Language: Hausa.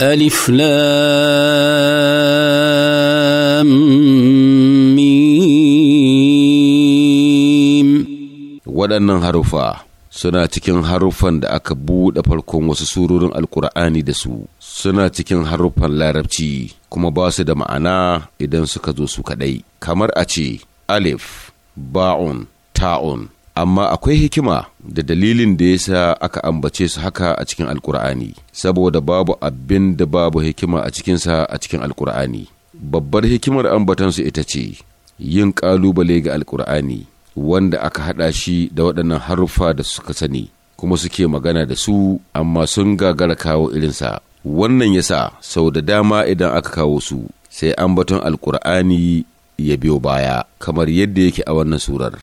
ألف لام ميم waɗannan haruffa suna cikin haruffan da aka buɗe farkon wasu surorin alkur'ani da su suna cikin haruffan larabci kuma ba su da ma'ana idan suka zo su kaɗai kamar a ce alif ba'un ta'un amma akwai hikima da dalilin da ya sa aka ambace su haka a cikin alkur'ani saboda babu abin da babu hikima a cikinsa a cikin alkur'ani babbar hikimar ambatansu ita ce yin ƙalubale ga alkur'ani wanda aka haɗa shi da waɗannan haruffa da suka sani kuma suke magana da su amma sun gagara kawo irinsa wannan yasa sau da dama idan aka kawo su sai ambaton alkur'ani ya biyo baya kamar yadda yake a wannan surar